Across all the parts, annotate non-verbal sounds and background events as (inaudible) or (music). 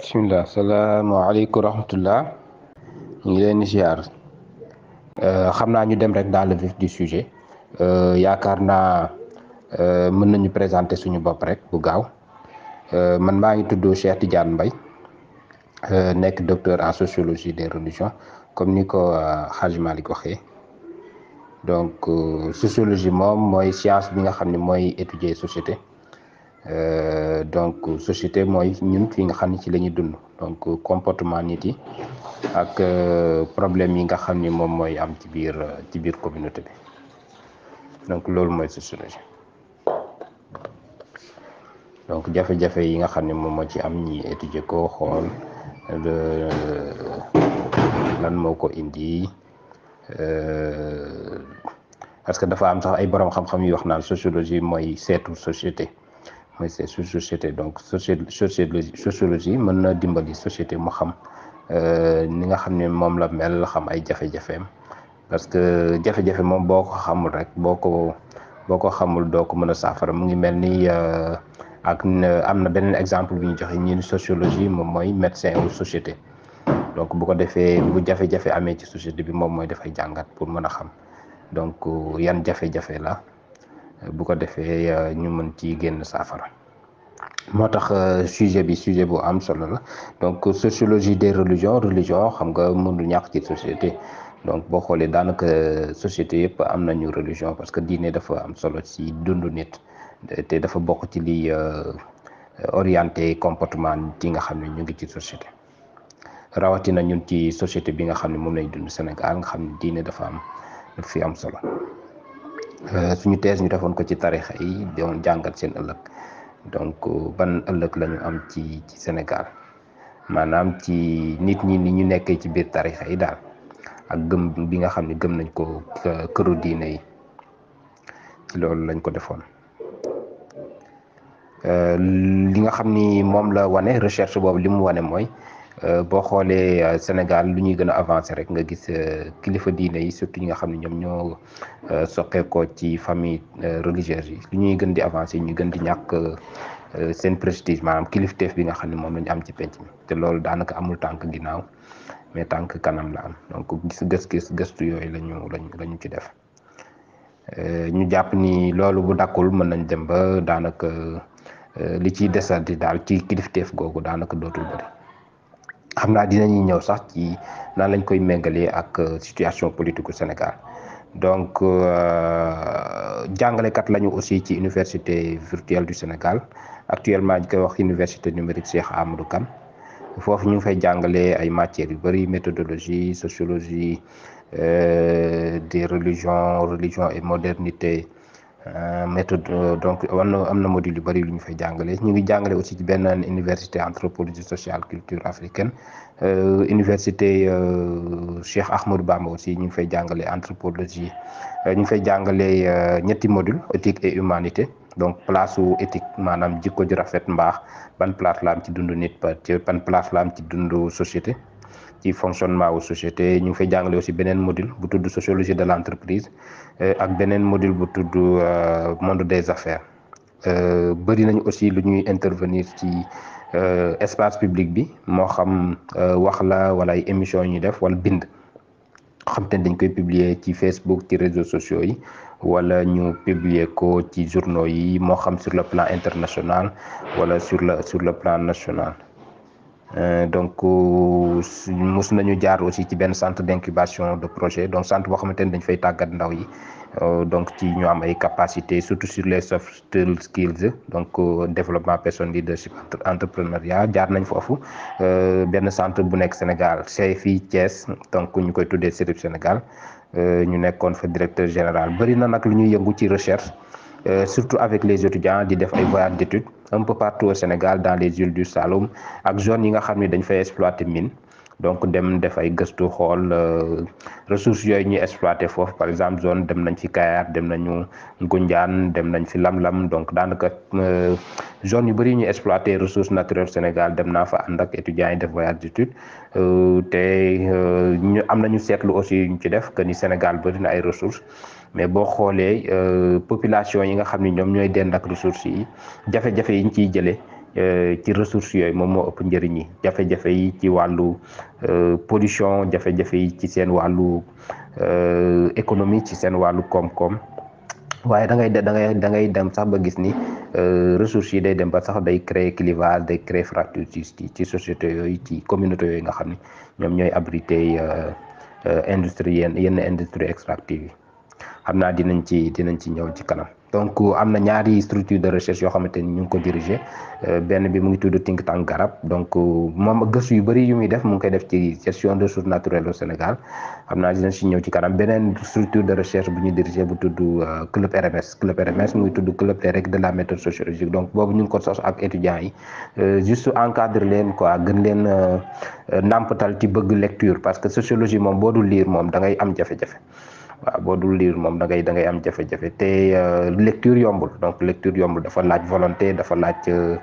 bisimilah salaamaaleykum rahmatullah ñu ngi leen di ziar euh, xam naa ñu dem rek dans le vif du sujet euh, yaakaar naa euh, mën nañu présenter suñu bopp rek bu gaaw man maa ngi tudd Cheikh Tidiane Mbaye nekk docteur en sociologie des religions comme ni ko Hadj Malick waxee donc sociologie moom mooy science bi nga xam ni mooy étudier société. Euh, donc société mooy ñun fi nga xam ne ci lañuy dund donc comportement nit yi ak euh, problème yi nga xam ni moom mooy am ci biir ci biir communauté bi donc loolu mooy sociologie donc jafe-jafe yi nga xam ne moom moo ci am ñi étudier ko xool lan moo ko indi euh, parce que dafa am sax ay borom xam-xam yu wax naan sociologie mooy seetu société mooy su société donc sociologie sociologie mën na dimbali société mu xam euh, ni nga xam ne moom la mel xam ay jafe parce que jafe moom boo ko xamul rek boo ko boo ko xamul doo ko mën a saafara mu ngi mel ni euh, ak am na beneen exemple bi ñu joxe ñun sociologie moom mooy médecin société donc bu ko defee bu jafe amee ci société bi moom mooy dafay jàngat pour mën a xam donc euh, yan jafe-jafe la bu ko defee ñu mën ci génn saafara motax euh, sujet bi sujet bu am solo la donc sociologie des religions religion xam nga mënul ñak ci société donc bo xolé danaka euh, société yëpp am nañu religion parce que diine dafa am solo ci dundu nit té dafa bok ci li euh, orienté comportement yi nga xamné ñu ngi ci société na ñun ci société bi nga xamné mom lay dund Sénégal nga xamné ne dafa am fi am solo suñu thèse ñu defon ko ci tarikh yi doon jangal seen ëllëg donc euh, ban ëllëg lañu am ci ci Sénégal maanaam ci nit ñi ni ñu nekkee ci biir tarixa yi daal ak gëm bi nga xam ne gëm nañ ko euh, këru diine yi ci loolu lañ ko defoon euh, li nga xam ni moom la wane recherche boobu li mu wane mooy Euh, boo xoolee euh, Sénégal lu ñuy gën a avancé rek nga gis euh, kilifa diine yi surtout ñi nga xam ne ñoom ñoo soqeekoo ci famille religieuse yi lu ñuy gën di avancé ñu gën di ñàkk seen prestige maanaam teef bi nga xam ne moom la ñu am ci penc mi te loolu daanaka amul tànk ginnaaw mais tànk kanam la am donc gis gës gëstu yooyu lañu lañ la ñu ci def ñu jàpp ni loolu bu dakkul mën nañ dem ba daanaka li ci desandi daal ci kilifa kilifteef googu daanaka dootul bëri Nous avons dinañuy ñëw sax ci naan lañ koy ak euh, situation politique au Sénégal donc euh, kat lañu aussi ci université virtuelle du Sénégal actuellement ñu koy wax université numérique Cheikh Amadou Nous fofu ñu ngi fay jàngalee ay matières yu bari méthodologie sociologie euh, des religions religion et modernité Euh, méthode euh, donc am na am na module yu bëri lu ñu fay jàngale ñu ngi jàngale aussi ci benn université anthropologie sociale culture africaine euh, université Cheikh Ahmadou Bamba aussi ñu ngi fay jàngale anthropologie ñu ngi fay jàngale ñetti module éthique et humanité donc place su éthique maanaam jikko ju rafet mbaax ban place la am ci dundu nit ba ban place la am ci dundu société ci fonctionnement la société ñu faisons fay aussi benen module bu sociologie de l'entreprise et euh, ak benen module bu euh, monde des affaires Nous euh, nañ aussi lu ñuy intervenir ci espace public bi mo xam wax la wala ay émissions def wala bind xam te dañ koy publier ci Facebook ci réseaux sociaux yi wala ñu publier ko ci journaux yi xam sur le plan international wala sur le sur le plan national. Euh, donc euh, mus nañu jaar aussi ci benn centre d'incubation de projet donc centre boo xamante ni dañ fay tàggat ndaw yi euh, donc ci ñu am ay capacité surtout sur les soft skills donc développement personne leadership entrepreneuriat jaar nañ foofu benn centre bu nekk Sénégal c'est fii Thiès donc ñu koy tuddee CERIP Sénégal ñu nekkoon fa directeur général bëri na nag lu ñuy yëngu ci recherche. Euh, surtout avec les étudiants di def ay voyage d'études un peu partout au Sénégal dans les îles du Saloum ak zone yi nga xam ne dañ fay exploiter mine donc dem def ay gëstu xool euh, ressources yooyu ñuy exploiter foofu par exemple zone dem nañ fi Kayar dem nañu Ngoundiane dem nañ fi Lam-Lam donc daanaka euh, zone yu bëri ñu exploiter ressource naturelles Sénégal dem naa fa ànd ak étudiants yi def voyage d'études te ñu am nañu seetlu aussi ñu ci def que ni Sénégal bëri na ay ressources mais boo xoolee euh, population yi nga xam ni ñoom ñooy dend ak ressources yi jafe-jafe yi ñu ciy jëlee euh, ci ressource yooyu moom moo ëpp njëriñ yi jafe-jafe yi ci wàllu euh, pollution jafe-jafe yi ci seen wàllu économie ci seen wàllu koom-koom waaye da ngay da ngay da ngay dem sax ba gis ni ressources yi day dem ba sax day créer clivage day créer fracture ci ci société yooyu ci communauté yooyu nga xam ni ñoom ñooy abrité industrie yenn industrie extractive yi xam naa dinañ ci dinañ ci ñëw ci kanam donc am na ñaari structure de recherche yoo xamante ni ñu ngi ko diriger euh, benn bi mu ngi tudd think tank garab donc moom gëstu yu bëri yu muy def mu ngi koy def ci gestion des ressources naturelles au Sénégal am naa dinañ si ñëw ci kanam beneen structure de recherche bu ñu diriger bu tudd euh, club RMS club mu ngi tudd club des de la méthode sociologique donc boobu ñu ngi ko sos ak étudiants yi euh, juste encadre leen quoi gën leen nàmpatal ci bëgg lecture parce que sociologie moom boo dul lire moom da ngay am jafe lire, lire mom da ngay da ngay am euh, lecture yombul donc lecture yombul dafa volonté dafa euh,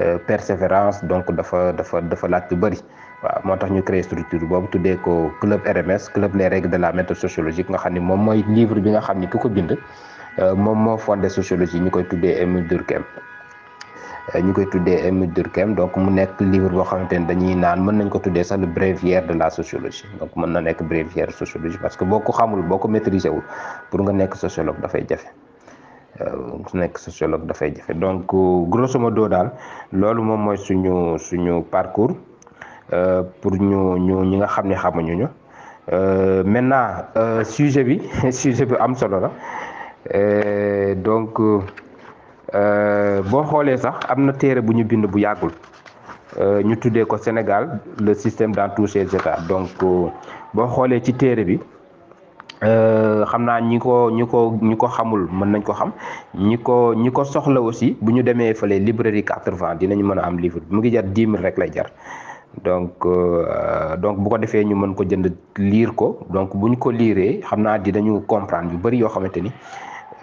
euh, persévérance donc dafa dafa dafa laaj lire, waaw ñu créé structure bobu tuddé ko club RMS club les règles de la méthode sociologique nga xamni mom livre bi nga xamni kuko bind fondé sociologie ñu koy Euh, ñu koy tuddee Émile Durkheim donc mu nekk livre boo xamante ne dañuy naan mën nañ ko tuddee sax le bréviaire de la sociologie donc mën na nekk bréviaire sociologie parce que boo ko xamul boo ko maîtriser wul pour nga nekk sociologue dafay jafe. Euh, nekk sociologue dafay jafe donc grosso modo daal loolu moom mooy suñu suñu parcours euh, pour ñu ñu ñi nga xam ne xamuñu ñu maintenant sujet bi (laughs) sujet bi am solo la donc. Euh, boo xoolee sax am na téere bu ñu bind bu yàggul euh, ñu tuddee ko Sénégal le système dans tous ses états donc euh, boo xoolee ci téere bi xam naa ñi ko ñi ko ñi ko xamul mën nañ ko xam ñi ko ñi ko soxla aussi bu ñu demee fële librairie quatre-vingts dinañu mën a am livre mu ngi jar dix mille rek lay jar donc donc bu ko defee ñu mën ko jënd liir ko donc bu ñu ko liiree xam naa dinañu comprendre yu bëri yoo xamante ni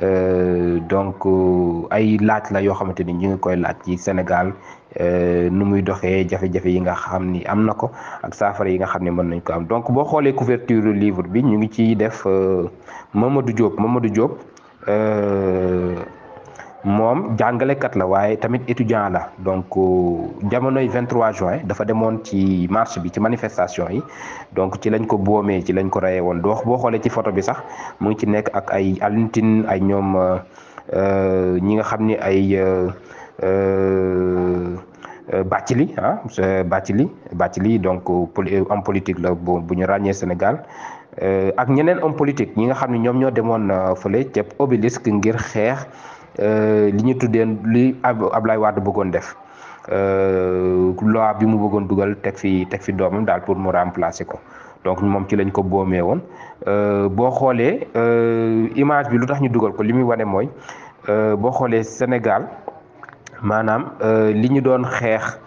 Euh, donc euh, ay laaj la yoo xamante ni ñu ngi koy laaj ci Sénégal euh, nu muy doxee jafe-jafe yi nga xam ni am na ko ak saafara yi nga xam ne mën nañ ko am donc boo xoolee couverture livre bi ñu ngi ciy def Mamadou Diop du Diop. moom jàngalekat la waaye tamit étudiant la donc euh, jamonoy 23 juin dafa demoon ci marche bi ci manifestation yi donc ci lañ ko boomee ci lañ ko rayee woon dox boo xoolee ci photo bi sax mu ngi ci nekk ak ay alintine ay ñoom euh, euh, ñi nga xam ni ay Bathily ah Bathily Bathily donc homme politique la bu bu ñu ràññee Sénégal ak ñeneen homme politique ñi nga xam ne ñoom ñoo demoon fële ceeb obélisque ngir xeex Euh, li ñu tuddee li Ablaye Wade bëggoon def euh, loi bi mu bëggoon dugal teg fi teg fi doomam daal pour mu remplacer ko donc moom ci lañ ko boomee woon euh, boo xoolee image bi lu tax ñu dugal ko li muy wane mooy boo xoolee Sénégal maanaam li ñu doon xeex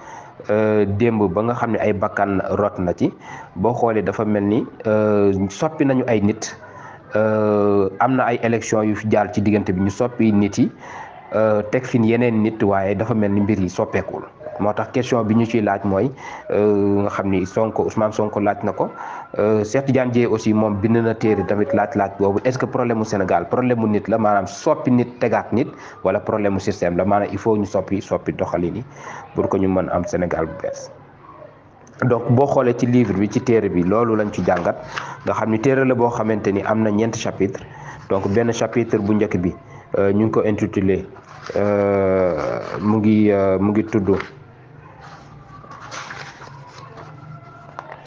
démb ba nga xam ne ay bakkan rot na ci boo xoolee dafa mel ni soppi nañu ay nit. Euh, am na ay élection yu fi jaar ci diggante bi ñu soppi nit yi euh, teg fi yeneen nit waaye dafa mel ni mbir yi soppeekul moo tax question bi ñu ciy laaj mooy euh, nga xam ni Sonko Ousmane Sonko laaj na ko Cheikh Tidiane Dièye aussi moom bind na téere tamit laaj laaj boobu est-ce que problème mu Sénégal problème mu nit la maanaam soppi nit tegaat nit wala problème mu système la maanaam il faut ñu soppi soppi doxalin yi pour que ñu mën am Sénégal bu bees. donc boo xoolee ci livre bi ci téere bi loolu lañ ci jàngat nga xam ni téere la boo xamante ni am na ñeenti chapitre donc benn chapitre bu njëkk bi euh, ñu ngi ko intitulé euh, mu ngi euh, mu ngi tudd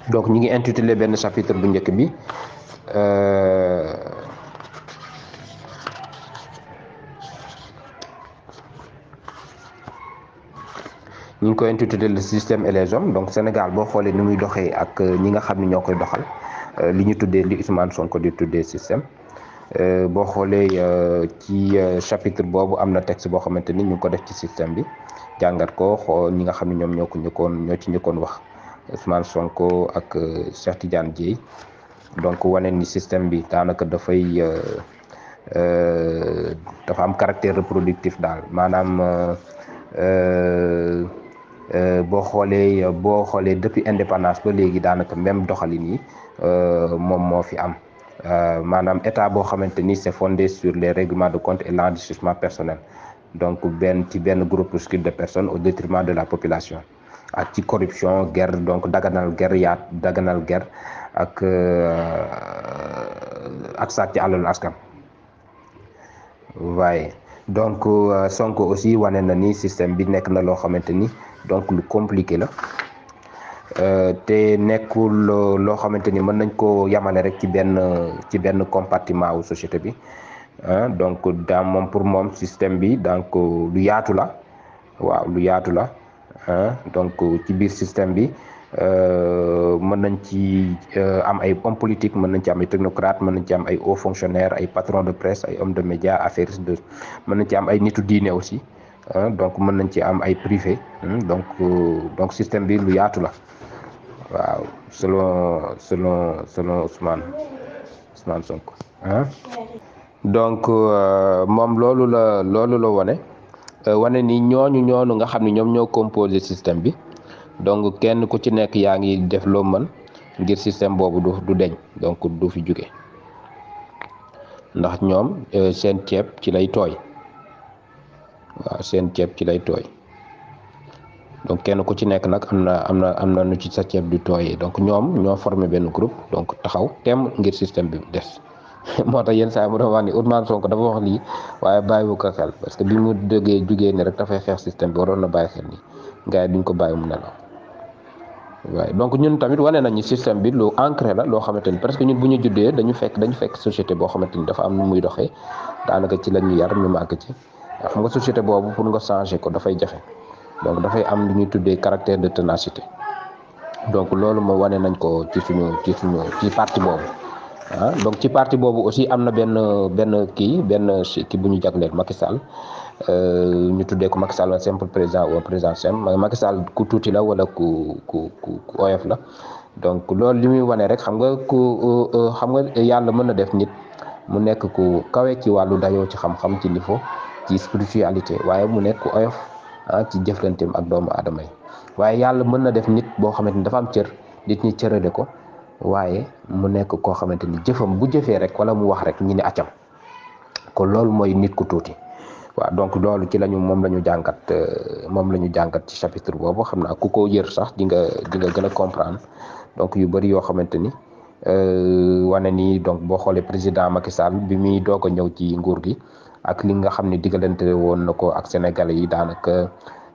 donc ñu ngi intitulé benn chapitre bu njëkk bi ñu ngi koy intitulé le système et les hommes donc Sénégal bo xolé ni muy doxé ak euh, ñi nga xamni ñokoy doxal euh, li ñu tuddé li Ousmane Sonko di tuddé système euh, bo xolé ci chapitre bobu amna texte bo xamanteni ñu ko def ci système bi jangat ko xol ñi nga xamni ñom ñoko ñoo ko ñoo ci njëkkoon wax Ousmane Sonko ak Cheikh Tidiane djey donc wané ni système bi euh da fa am caractère reproductif manam euh Euh, boo xoolee boo xoolee depuis indépendance ba léegi daanaka même doxalin yi euh, moom moo fi am euh, maanaam état boo xamante ni c'est fondé sur les règlements de compte et l'enrichissement personnel donc benn ci benn groupuscule de personnes au détriment de la population ak ci corruption guerre donc daganal guerre yaat daganal guerre ak ak sa ci àlalu askan waaye donc Sonko aussi wane na ni système bi nekk na loo xamante ni donc lu compliqué la euh, te nekkul loo xamante ni mën nañ koo yamale rek ci benn ci benn compartiment wu société bi donc daam moom pour moom système bi donc lu yaatu la waaw lu yaatu la donc ci biir système bi euh, mën nañ ci euh, am ay hommes politiques mën nañ ci am ay technocrates mën nañ ci am ay hauts fonctionnaires ay patrons de presse ay hommes de médias affaires de mën nañ ci am ay nitu diine aussi Hein, donc mën nañ ci am ay privé hein, donc euh, donc système bi lu yaatu la waaw selon selon selon Ousmane Ousmane Sonko ah donc euh, moom loolu la loolu la wane euh, wane ni ñooñu ñoonu nga xam ne ñoom ñoo composé système bi donc kenn ku ci nekk yaa ngi def loo mën ngir système boobu du du deñ donc du fi jóge ndax ñoom seen ceeb ci lay tooy waaw seen ceeb ci lay tooy donc kenn ku ci nekk nag am na am na am na nu ci sa ceeb di tooyee donc ñoom ñoo forme benn groupe donc taxaw temm ngir système bi mu des (laughs) moo tax yenn saa mu dafa wax ni Ousmane Sonko dafa wax lii waaye wu ko xel parce que bi mu dëggee jugee ni rek dafay xeex système bi waroon na bàyyi xel nii ko bàyyi mu nelaw waaye donc ñun tamit wane nañu système bi lu ancré la loo xamante ni que ñun bu ñu juddee dañu fekk dañu fekk société boo xamante ni dafa am nu muy doxee daanaka ci la ñu yar ñu màgg ci. xam nga société boobu pour nga changé ko dafay jafe donc dafay am lu ñuy tuddee caractère de ténacité donc loolu moo wane nañ ko ci suñu ci suñu ci parti boobu ah donc ci parti boobu aussi am na benn benn kii benn kii bu ñu jagleel Macky Sall euh, ñu tuddee ko Macky Sall un simple président ou président simple Macky ku tuuti la wala ku ku ku oyof la donc loolu li muy wane rek xam nga ku euh, xam nga yàlla mën na def nit mu nekk ku kawee ci wàllu dayoo ci xam-xam ci niveau ci spiritualité waye mu nek oyof ah, ci jëflanteem ak doomu adamay waye yalla mën na def nit bo xamanteni dafa am cër nit ñi cërale ko waye mu nek ko xamanteni jëfëm bu jëfé rek wala mu wax rek ñi ni accam ko lool moy nit ku tuti wa donc lool ci lañu mom lañu ñu euh, mom lañu la ci chapitre bobu xamna ku ko yër sax di nga di nga gëna comprendre donc yu bari yo xamanteni euh wane ni donc bo xolé président Macky Sall bi mi doga ñew ci nguur gi ak li nga xam ne digalante woon na ko ak Sénégalais yi daanaka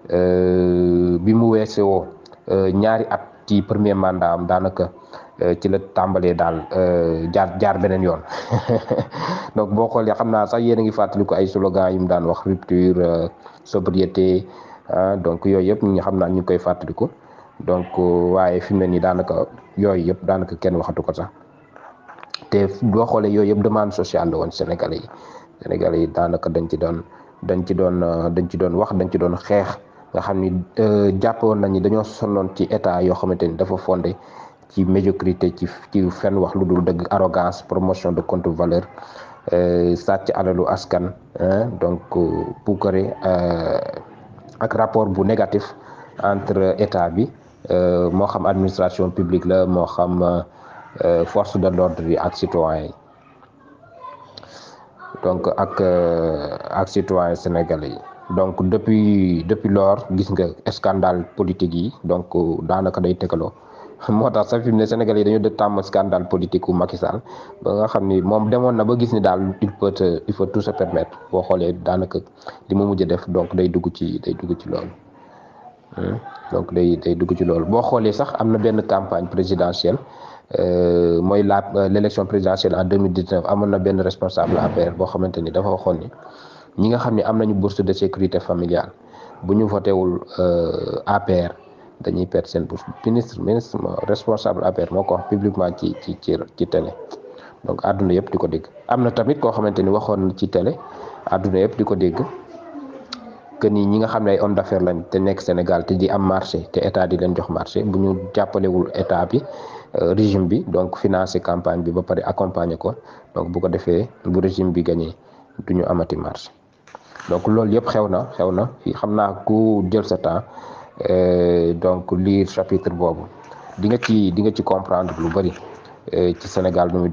euh, bi mu weesoo euh, ñaari at ci premier mandat am daanaka euh, ci la tàmbalee daal jaar jaar beneen yoon (laughs) donc boo xoolee xam naa sax yéen a ngi fàttaliku ay slogan yi mu daan wax rupture sobriété donc yooyu yëpp ñi xam naa ñu ngi koy fàttaliku donc waaye fi mu ne nii daanaka yooyu yëpp daanaka kenn waxatu ko sax te boo xoolee yooyu yëpp demande sociale la woon Sénégalais yi. Sénégalais yi daanaka dañ ci doon dañ ci doon euh, dañ ci doon wax dañ ci doon xeex nga xam ni euh, jàppoon nañ ni dañoo sonnoon ci état yoo xamante ni dafa fondé ci médiocrité ci ci fenn wax lu dul dëgg arrogance promotion de contre-valeur euh, sàcc alalu askan hein. donc puukare ak rapport bu négatif entre état bi moo xam administration publique la moo xam force de l'ordre yi ak citoyen yi donc ak euh, ak citoyen sénégalais yi donc depuis depuis lors gis nga scandale politique yi donc euh, daanaka day tegaloo (laughs) moo tax sax fi mu ne Sénégal yi dañu de tàmm scandale politique u Macky Sall nga xam ni moom demoon na ba gis ni daal il peut il faut tout se permettre boo xoolee daanaka li ma mujj def donc day dugg ci day dugg ci loolu hmm? donc day day dugg ci loolu boo xoolee sax am na benn campagne présidentielle Euh, mooy la euh, l' élection présidentielle en 2019 amoon na benn responsable APR boo xamante ni dafa waxoon ni ñi nga xam ne am nañu bourse de sécurité familiale bu ñu votewul euh, APR dañuy perte seen bourse ministre ministre responsable APR moo ko wax publiquement ci ci ci ci télé donc àdduna yëpp di ko dégg am na tamit koo xamante ni waxoon na ci télé àdduna yëpp di ko dégg que ni ñi nga xam ne ay homme d'affaires lañ te nekk Sénégal te di am marché te état di leen jox marché bu ñu jàppalewul état bi régime bi donc financer campagne bi ba accompagner donc beaucoup de faits, le régime bi gagné duñu amati donc lool yépp xewna xewna fi xamna jël euh, donc chapitre bobu di nga ci di comprendre Sénégal donc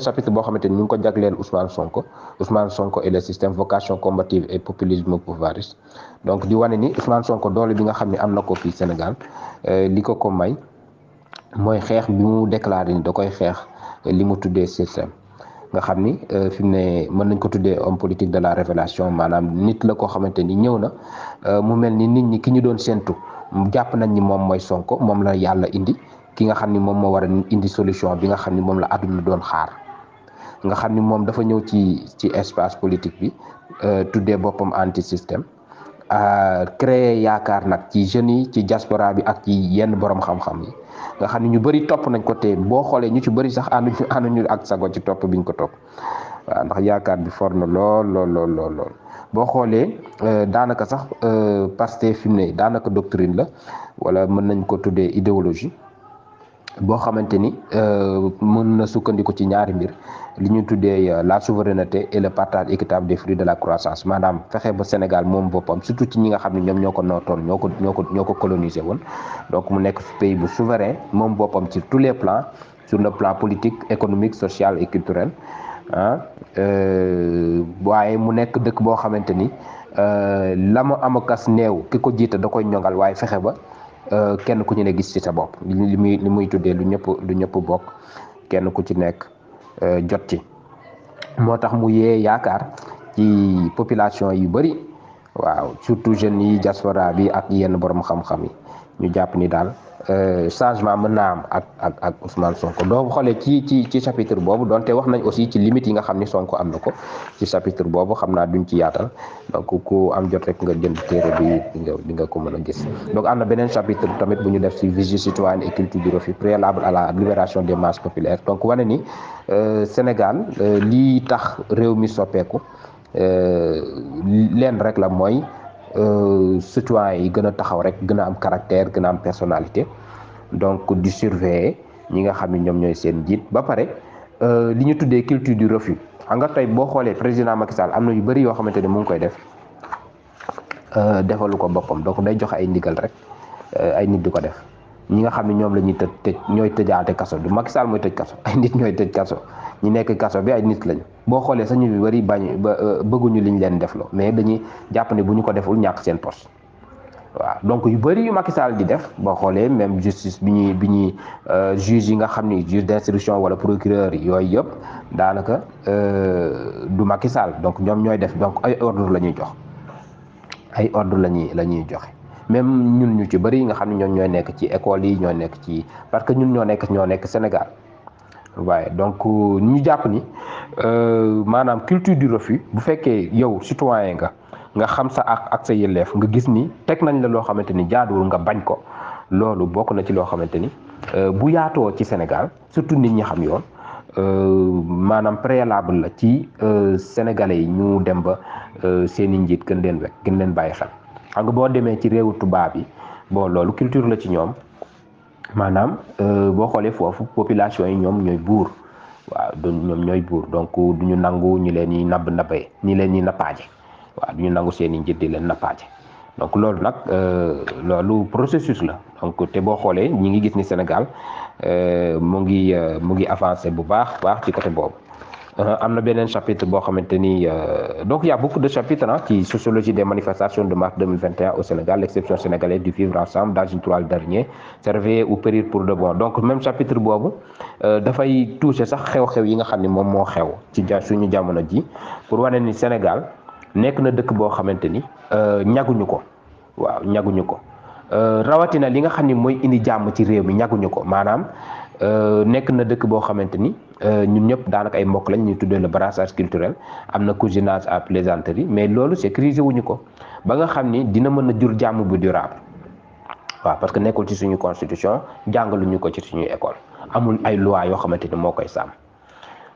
chapitre ñu ko Ousmane Sonko Ousmane et le système vocation combative et populisme pouvoiriste donc di ni Ousmane Sonko doole bi Sénégal mooy xeex bi mu déclaré ni da koy xeex li mu tuddee système nga xam ni euh, fi mu ne mën nañ ko tuddee om politique de la révélation maanaam nit la koo xamante ni ñëw na euh, mu mel ni nit ñi ki ñu doon séentu jàpp nañ ni moom mooy Sonko moom la yàlla indi ki nga xam ni moom moo war a indi solution bi nga xam ni moom la àdduna doon xaar nga xam ni moom dafa ñëw ci ci espace politique bi euh, tuddee boppam anti système créer yaakaar nag ci jeunes yi ci diaspora bi ak ci yenn borom xam-xam yi. nga xam ne ñu bëri topp nañ ko te boo xoolee ñu ci bëri sax ànduñu (laughs) ñu ak sago ci topp biñ ko topp waaw ndax yaakaar bi for na lool lool lool boo xoolee euh, daanaka sax euh, Pastef fi mu ne daanaka doctrine la wala mën nañ ko tuddee idéologie boo xamante ni euh, mën na sukkandiku ci ñaari mbir li ñu tuddee euh, la souveraineté et le partage équitable des fruits de la croissance maanaam fexe ba Sénégal moom boppam surtout ci ñi nga xam ne ñoom ñoo ko nootoon ñoo ko ñoo ko ñoo ko colonisé woon donc mu nekk pays bu souverain moom boppam ci tous les plans sur le plan politique économique social et culturel ah euh, waaye mu nekk dëkk boo xamante ni la mu amakas néew ki ko jiita da koy ñongal waaye fexe ba Euh, kenn ku ci ne gis ci sa bopp li muy li muy tuddee lu ñëpp lu ñëpp bokk kenn ku ci nekk euh, jot ci moo tax mu yee yaakaar ci population yu bëri waaw surtout jeunes yi diaspora bi ak yenn borom xam-xam yi ñu jàpp ni daal Euh, changement mën naa am ak ak ak Ousmane Sonko doo xoolee ci ci ci chapitre boobu donte wax nañ aussi ci limite yi nga xam ni Sonko am na ko ci chapitre boobu xam naa duñ ci yaatal donc ku am jot rek nga jënd téere bi di nga ko mën a gis donc am na beneen chapitre tamit bu ñu def ci vigie citoyenne et culture du refus préalable à la libération des masses populaires donc wane ni euh, Sénégal euh, lii tax réew mi soppeeku leen rek la mooy citoyens euh, yi gën a taxaw rek gën a am caractère gën a am personnalité donc di surveiller ñi nga xam ne ñoom ñooy seen njiit ba pare euh, li ñu tuddee culture du refus xam nga tey boo xoolee président Macky Sall am na yu bëri yoo xamante ne mu ngi koy def euh, defalu ko boppam donc day jox ay ndigal rek ay nit di ko def ñi nga xam ne ñoom la ñuy tëj tëj ñooy tëjaate kaso du Macky Sall mooy tëj kaso (laughs) ay nit ñooy tëj kaso ñu nekk kaso bi ay nit lañu boo xoolee sax ñu bari bañ ba euh, bëgguñu liñ leen def loo mais dañuy jàpp ne bu ñu ko deful ñàkk seen poste waaw donc yu bëri yu Macky Sall di def boo xoolee même justice bi ñuy bi ñuy euh, juge yi nga xam ni juge d'instruction wala procureur yooyu yëpp daanaka euh, du Macky Sall donc ñoom ñooy def donc ay ordre la ñuy jox ay ordre la ñuy la ñuy joxe même ñun ñu ci bëri yi nga xam ne ñoom ñoo nekk ci école yi ñoo nekk ci parce que ñun ñoo nekk ñoo nekk Sénégal waaye donc ñu jàpp ni euh, maanaam culture du refus bu fekkee yow citoyen nga nga xam sa ak ak sa nga gis ni teg nañ la loo xamante ni jaaduwul nga bañ ko loolu bokk na ci loo xamante ni euh, bu yaatoo ci Sénégal surtout nit ñi xam yoon euh, maanaam préalable la ci sénégalais yi ñu dem ba seen i njiit gën leen wekk gën leen bàyyi xel xam nga boo demee ci réewu tubaab yi bon loolu culture la ci ñoom maanaam euh, boo xoolee foofu population yi ñoom ñooy buur waaw du ñoom ñooy buur donc du ñu nangu ñi leen ñuy nabb nabbee ñi leen ñuy nappaaje waaw du ñu nangu seen i njët di leen nappaaje donc loolu nag euh, loolu processus la donc te boo xoolee ñi ngi gis ni Sénégal euh, mu ngi mu ngi avancé bu baax baax ci côté boobu Euh, amna benen chapitre bo xamanteni euh, donc il y a beaucoup de chapitres hein qui sociologie des manifestations de mars 2021 au Sénégal l'exception sénégalaise du vivre ensemble dans une toile dernier servir ou périr pour de bon donc même chapitre euh, da fay toucher sax xew-xew yi nga xamni mom mo xew ci ja suñu jamono ji pour wane ni Sénégal nek na dëkk bo xamanteni ni ñaguñu ko waaw ñaguñu ko na li nga xamni moy indi jamm ci réew mi ñaguñu ko manam Euh, nekk na dëkk boo xamante ni euh, ñun ñëpp daanaka ay mbokk lañ ñuy tuddee le brassage culturel am na cousinage à plaisanterie mais loolu sécuriser wuñu ko ba nga xam ni dina mën a jur jàmm bu durable waaw parce que nekkul ci suñu constitution jàngaluñu ko ci suñu école amul ay loi yoo xamante ni moo koy sàmm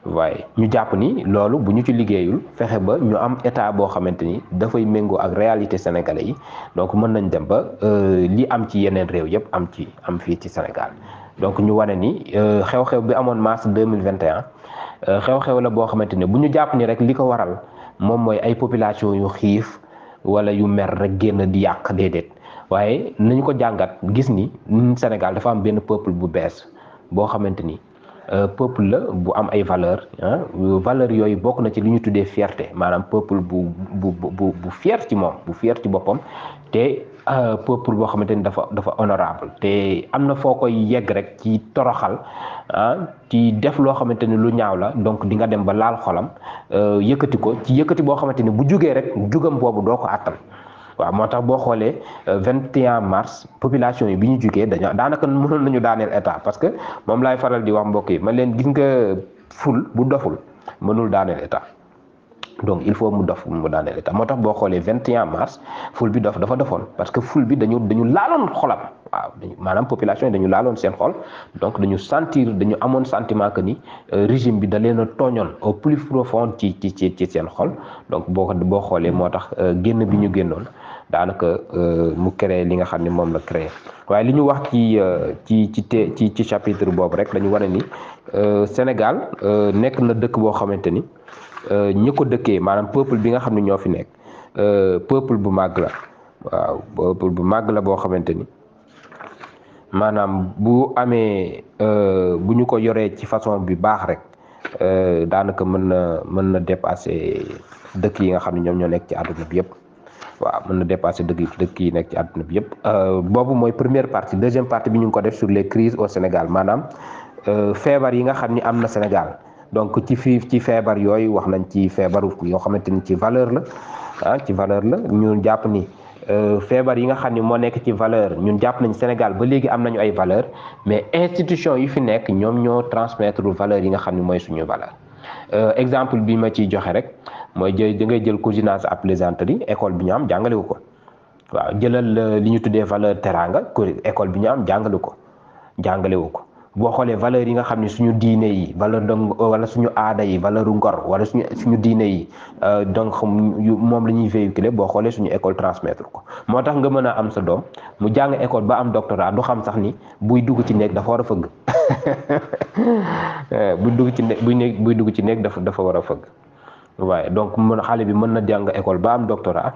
waaye ñu jàpp ni loolu bu ñu ci liggéeyul fexe ba ñu am état boo xamante ni dafay méngoo ak réalité sénégalais yi donc mën nañ dem ba euh, lii am ci yeneen réew yëpp am ci am fii ci Sénégal donc ñu wane ni euh, xew-xew bi amoon mars 2021 euh, xew-xew la boo xamante ne bu ñu jàpp ni rek li ko waral moom mooy ay population yu xiif wala yu mer rek génn di yàq déedéet waaye nañ ko jàngat gis ni Sénégal dafa am benn peuple bu bees boo xamante ni euh, peuple la bu am ay valeur ah valeur yooyu bokk na ci li ñu tuddee fierté maanaam peuple bu bu bu bu fier ci moom bu fier ci boppam te Euh, peuple boo xamante ni dafa dafa honorable te am na foo koy yegg rek ci toroxal ah ci def loo xamante ni lu ñaaw la donc di nga dem ba laal xolam euh, yëkkati ko ci yëkkati boo xamante ne bu jugee rek jugam boobu doo ko àttan waaw moo tax boo xoolee 21 euh, mars population yi bi ñu jugee dañoo daanaka mënoon nañu daaneel état parce que moom laay faral di wax mbokk yi man leen gis nga ful bu doful mënul daaneel état. donc il faut mu dof mu daaneel itam moo tax boo xoolee 21 mars ful bi dof dafa dofoon parce que ful bi dañu dañu laaloon xolam waaw maanaam population yi dañu laaloon seen xol donc dañu sentir dañu amoon sentiment que ni euh, régime bi da leen a tooñoon au plus profond ci ci ci seen xol donc boo boo xoolee moo tax euh, génn bi ñu génnoon daanaka euh, mu créé li nga xam ne moom la créé waaye li ñu wax ci ci ci ci ci chapitre boobu rek dañu wane ni Sénégal nekk na dëkk boo xamante ni. Euh, ñu ko dëkkee maanaam peuple bi nga xam ne ñoo fi nekk euh, peuple bu màgg la waaw peuple bu màgg la boo xamante ni maanaam bu amee euh, bu ñu ko yoree ci façon bi baax rek daanaka mën na mën na dépasser dëkk yi nga xam ne ñoom ñoo nekk ci àdduna bi yëpp waaw mën na dépasser dëkk dëkk yi nekk ci àdduna bi yëpp boobu mooy première partie deuxième partie bi ñu ngi ko def sur les crises au Sénégal maanaam feebar yi nga xam ni am na Sénégal donc ci fii ci feebar yooyu wax nañ ci feebaru yoo xamante ni ci valeur la ah ci valeur la ñun jàpp ni euh, feebar yi nga xam ni moo nekk ci valeur ñun jàpp nañ Sénégal ba léegi am nañu ay valeur mais institution yi fi nekk ñoom ñoo transmettre valeur yi nga xam ni mooy suñu valeur euh, exemple bi ma ciy joxe rek mooy jëy da ngay jël cousinage à plaisanterie école bi ñu am jàngalewu ko waaw jëlal euh, li ñu tuddee valeur teranga école bi ñu am jàngale ko jàngalewu ko boo xoolee valeurs yi nga xam ne suñu diine yi valeur donc wala suñu aada yi valeur ngor wala suñu suñu diine yi euh, donc moom la ñuy véhiculer boo xoolee suñu école transmettre ko moo tax nga mën a am sa doom mu jàng école ba am doctorat du xam sax ni buy dugg ci néeg dafa war a fëgg (laughs) euh, buy dugg ci néeg buy néeg buy dugg ci néeg dafa dafa war a fëgg waaye donc mën xale bi mën na jàng école ba am doctorat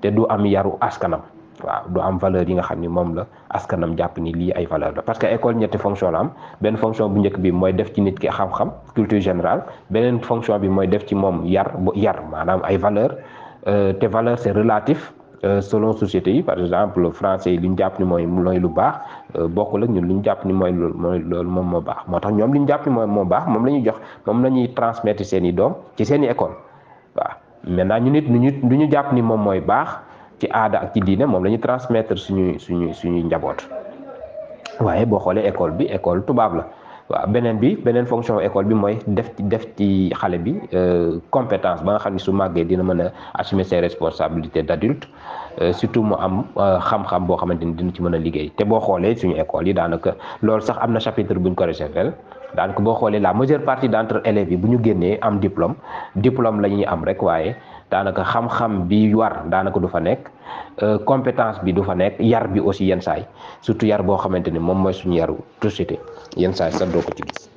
te du am yaru askanam waaw du am valeur yi nga xam ni moom la askanam jàpp ni lii ay valeur la parce que école ñetti fonction la am benn fonction bu njëkk bi mooy def ci nit ki xam-xam culture générale beneen fonction bi mooy def ci moom yar yar maanaam ay valeur euh, te valeur c'est relatif euh, selon société yi par exemple français yi li ñu jàpp ni mooy mooy lu baax euh, bokkul ak ñun li ñu jàpp ni mooy loolu mooy loolu moom moo baax moo tax ñoom li ñu jàpp ni mooy moo baax moom la ñuy jox moom la ñuy transmettre seen i doom ci seen i école waaw maintenant ñu nit ñu ñu jàpp ni moom mooy baax ci aada ak ci diine moom la ñu transmettre suñuy suñuy suñuy njaboot waaye boo xoolee école bi école tubaab la waaw beneen bi beneen fonction école bi mooy def ci def ci xale bi euh, compétence ba nga xam ne su màggee dina mën a assumer ses responsabilités d'adulte euh, surtout mu am euh, xam-xam boo xamante ni dina ci mën a liggéey te boo xoolee suñu école yi daanaka loolu sax am na chapitre buñ ko réservé ko bo xolé la majeure partie d'entre élèves yi buñu génné am diplôme diplôme lañuy am rek wayé danaka xam-xam bi war danaka du fa euh compétence bi du fa nek yar bi aussi yeen say surtout yar bo xamanteni mom moy suñu yaru société yeen say sa doo ko ci gis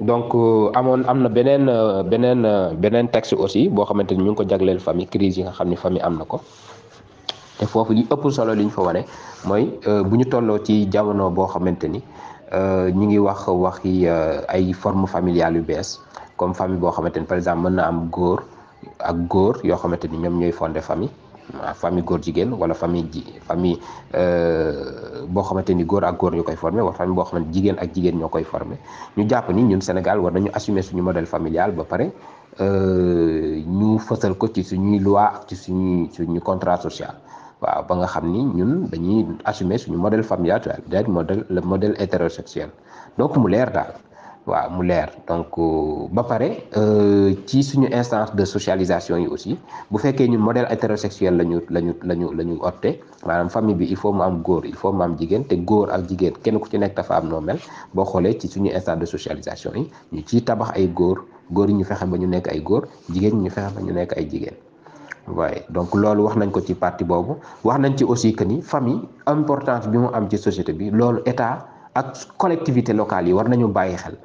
donc euh, amone amna benen euh, benen euh, benen texte aussi bo xamanteni ñu ko jaglél fami crise yi nga xamni fami amna ko foofu li ëpp solo li ñu fa wane mooy euh, bu ñu tolloo ci jamono boo xamante ni euh, ñu ngi wax waxi euh, ay forme familiale yu bees comme famille boo xamante ni par exemple mën na am góor ak góor yoo xamante ni ñoom ñooy fondé famille ah, famille góor jigéen wala famille ji famille boo xamante ni góor ak góor ñu koy formé wala famille boo xamante ni jigéen ak jigéen ñoo koy formé ñu jàpp ni ñun Sénégal war nañu assumer suñu modèle familial ba pare ñu fësal ko ci suñuy loi ak ci suñuy suñu contrat social waaw ba nga xam ni ñun dañuy assumer suñu modèle familial daal modèle le modèle hétérosexuel donc mu leer daal waaw mu leer donc euh, ba pare euh, ci suñu instance de socialisation yi aussi bu fekkee ñun modèle hétérosexuel lañu lañu lañu la ñu otte maanaam famille bi il faut mu am góor il faut mu am jigéen te góor ak jigéen kenn ku ci nekk dafa am noo mel boo xoolee ci suñu instance de socialisation yi ñu ciy tabax ay góor góor ñu fexe ba ñu nekk ay góor jigéen ñi ñu fexe ba ñu nekk ay jigéen waaye donc loolu wax nañ ko ci parti boobu wax nañ ci aussi que ni famille importance bi mu am ci société bi loolu état ak collectivité locale yi war nañu bàyyi xel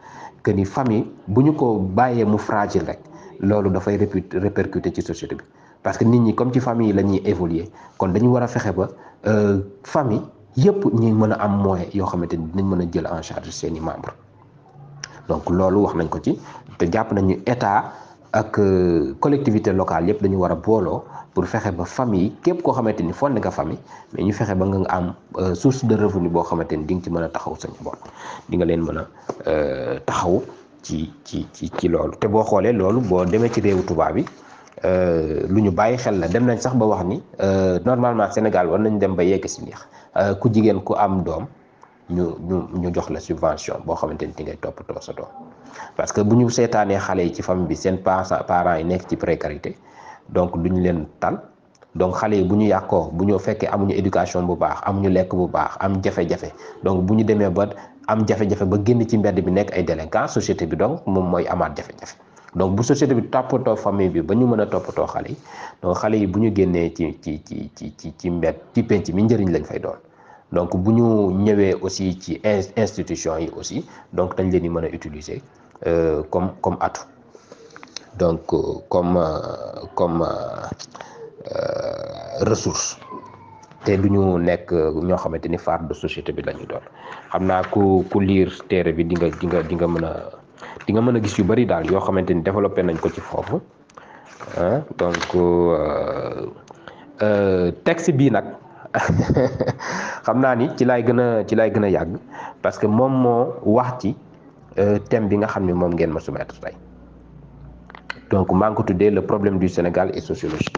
que ni famille bu ñu ko bàyyee mu fragile rek loolu dafay répercuter ci société bi parce que nit ñi comme ci famille la ñuy évoluer kon dañu war a fexe ba euh, famille yëpp ñi mën a am moyen yoo xamante ni dinañ mën a jël en charge seeni membres donc loolu wax nañ ko ci te jàpp nañu état. ak euh, collectivité locale yëpp dañu war a booloo pour fexe ba famille képp koo xamante ni fond nga famille mais ñu fexe ba nga am euh, source de revenu boo xamante ni di nga ci mën a taxaw sa njaboot di nga leen mën a euh, taxaw ci ci ci ci loolu te boo xoolee loolu boo demee ci réewu tubaab bi lu ñu bàyyi xel la dem nañ sax ba wax ni normalement Sénégal war nañ dem ba yegg si neex ku jigéen ku am doom ñu ñu ñu jox la subvention boo xamante ni di ngay toppatoo sa doom. parce que bu ñu seetaanee xale yi ci famille bi seen parents yi nekk ci précarité donc du ñu leen tal donc xale yi bu ñu yàqoo bu ñu fekkee amuñu éducation bu baax am ñu lekk bu baax am jafe-jafe donc bu ñu demee ba am jafe ba génn ci mbedd bi nekk ay délinquants société bi donc moom mooy amaat jafe-jafe bu société bi toppatoo famille bi ba ñu mën a toppatoo xale yi donc xale yi bu ñu génnee ci ci ci ci ci ci mbedd ci penc mi njëriñ lañ fay doon donc bu ñu ñëwee aussi ci institution yi aussi donc dañ leen di mën a utiliser euh, comme comme atout donc euh, comme euh, comme ressource te du ñu nekk ñoo xamante ni phare de société bi la ñu doon xam naa ku ku lire téere bi di nga di nga di nga mën a di nga mën gis yu bari daal yoo xamante ni développé nañ ko ci foofu hein. donc texte bii nag. (laughs) xam naa ni ci laay gën a ci laay gën a yàgg parce que moom moo wax ci euh, thème bi nga xam ni moom ngeen ma soumettre tey donc maa ngi ko tuddee le problème du Sénégal et sociologie